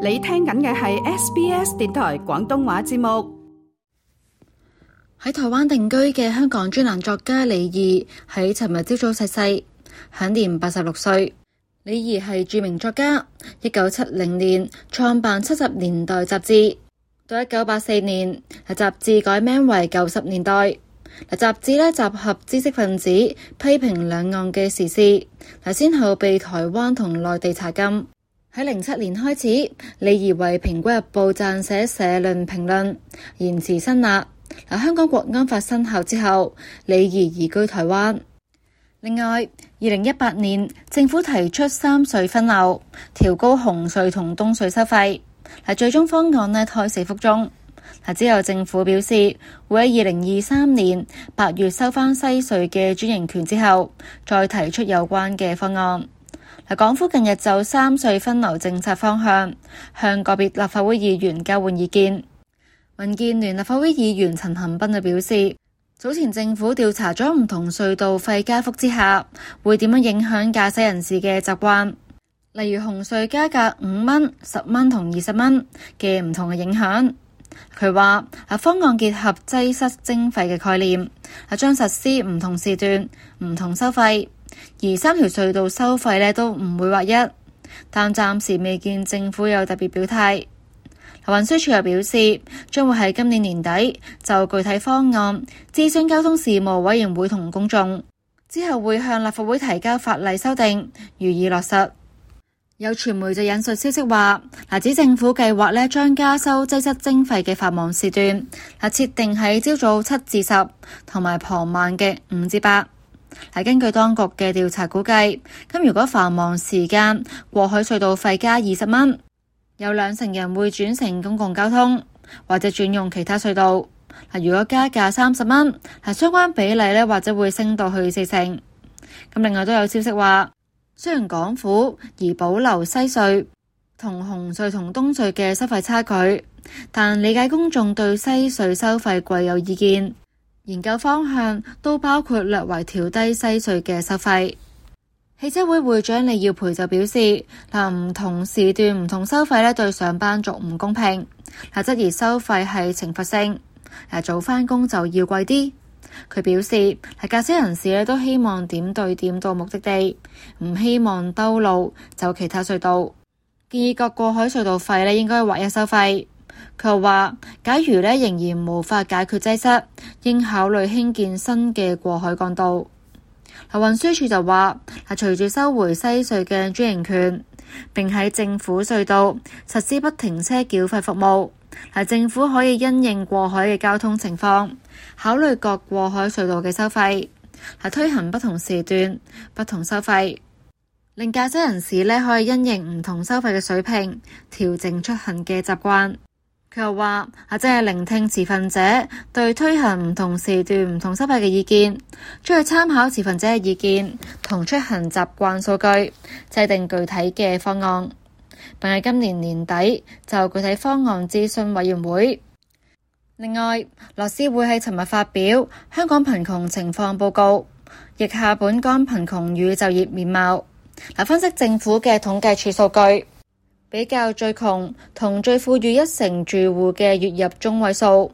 你聽緊嘅係 SBS 電台廣東話節目。喺台灣定居嘅香港專欄作家李怡喺尋日朝早逝世，享年八十六歲。李怡係著名作家，一九七零年創辦七十年代雜誌，到一九八四年，雜誌改名為九十年代。雜誌咧集合知識分子批評兩岸嘅時事，先後被台灣同內地查禁。喺零七年開始，李怡為《蘋果日報》撰寫社論評論，言辭辛辣。嗱，香港國安法生效之後，李怡移居台灣。另外，二零一八年政府提出三隧分流，調高紅隧同東隧收費。嗱，最終方案呢，胎死腹中。嗱，之後，政府表示會喺二零二三年八月收翻西隧嘅專營權之後，再提出有關嘅方案。嗱，港府近日就三隧分流政策方向向個別立法會議員交換意見。民建聯立法會議員陳恒斌就表示，早前政府調查咗唔同隧道費加幅之下會點樣影響駕駛人士嘅習慣，例如紅隧加價五蚊、十蚊同二十蚊嘅唔同嘅影響。佢話啊，方案結合擠塞徵費嘅概念，係將實施唔同時段唔同收費。而三條隧道收費咧都唔會劃一，但暫時未見政府有特別表態。運輸署又表示，將會喺今年年底就具體方案諮詢交通事務委員會同公眾，之後會向立法會提交法例修訂，予以落實。有傳媒就引述消息話，指政府計劃咧將加收擠塞徵費嘅繁忙時段，嗱設定喺朝早七至十同埋傍晚嘅五至八。係根據當局嘅調查估計，咁如果繁忙時間過海隧道費加二十蚊，有兩成人會轉乘公共交通或者轉用其他隧道。嗱，如果加價三十蚊，係相關比例咧，或者會升到去四成。咁另外都有消息話，雖然港府而保留西隧同紅隧同東隧嘅收費差距，但理解公眾對西隧收費貴有意見。研究方向都包括略為調低西隧嘅收費。汽車會會長李耀培就表示，嗱唔同時段唔同收費咧，對上班族唔公平。嗱質疑收費係懲罰性，嗱早翻工就要貴啲。佢表示，嗱駕駛人士咧都希望點對點到目的地，唔希望兜路走其他隧道。建議各過海隧道費咧應該劃一收費。佢又話：假如仍然無法解決擠塞，應考慮興建新嘅過海幹道。嗱，運輸署就話：係隨住收回西隧嘅專營權，並喺政府隧道實施不停車繳費服務。政府可以因應過海嘅交通情況，考慮各過海隧道嘅收費，係推行不同時段不同收費，令駕駛人士咧可以因應唔同收費嘅水平，調整出行嘅習慣。又話，或者係聆聽持份者對推行唔同時段唔同收費嘅意見，再參考持份者嘅意見同出行習慣數據，制定具體嘅方案，並喺今年年底就具體方案諮詢委員會。另外，樂施會喺尋日發表《香港貧窮情況報告》，亦下本港貧窮與就業面貌，嗱分析政府嘅統計處數據。比較最窮同最富裕一成住戶嘅月入中位數，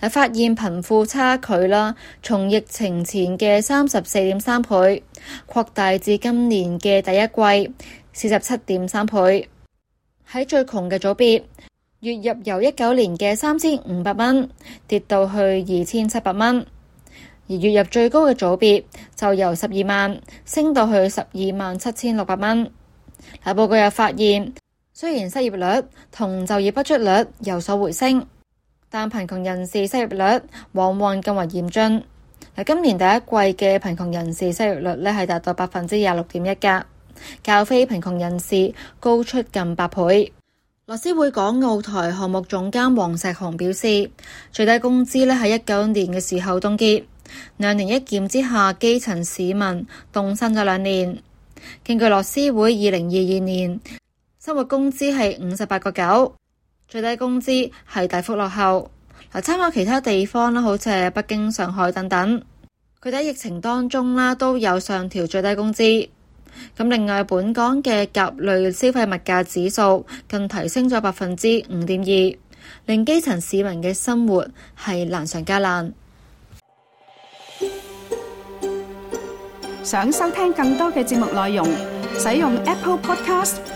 嗱，發現貧富差距啦。從疫情前嘅三十四點三倍擴大至今年嘅第一季四十七點三倍。喺最窮嘅組別，月入由一九年嘅三千五百蚊跌到去二千七百蚊，而月入最高嘅組別就由十二萬升到去十二萬七千六百蚊。嗱，報告又發現。雖然失業率同就業不足率有所回升，但貧窮人士失業率往往更為嚴峻。喺今年第一季嘅貧窮人士失業率咧係達到百分之廿六點一嘅，較非貧窮人士高出近百倍。樂施會港澳台項目總監黃石雄表示，最低工資咧喺一九年嘅時候凍結，兩年一檢之下，基層市民凍薪咗兩年。根據樂施會二零二二年。生活工資係五十八個九，最低工資係大幅落後。嚟參考其他地方啦，好似係北京、上海等等，佢哋喺疫情當中啦都有上調最低工資。咁另外，本港嘅甲類消費物價指數更提升咗百分之五點二，令基層市民嘅生活係難上加難。想收聽更多嘅節目內容，使用 Apple Podcast。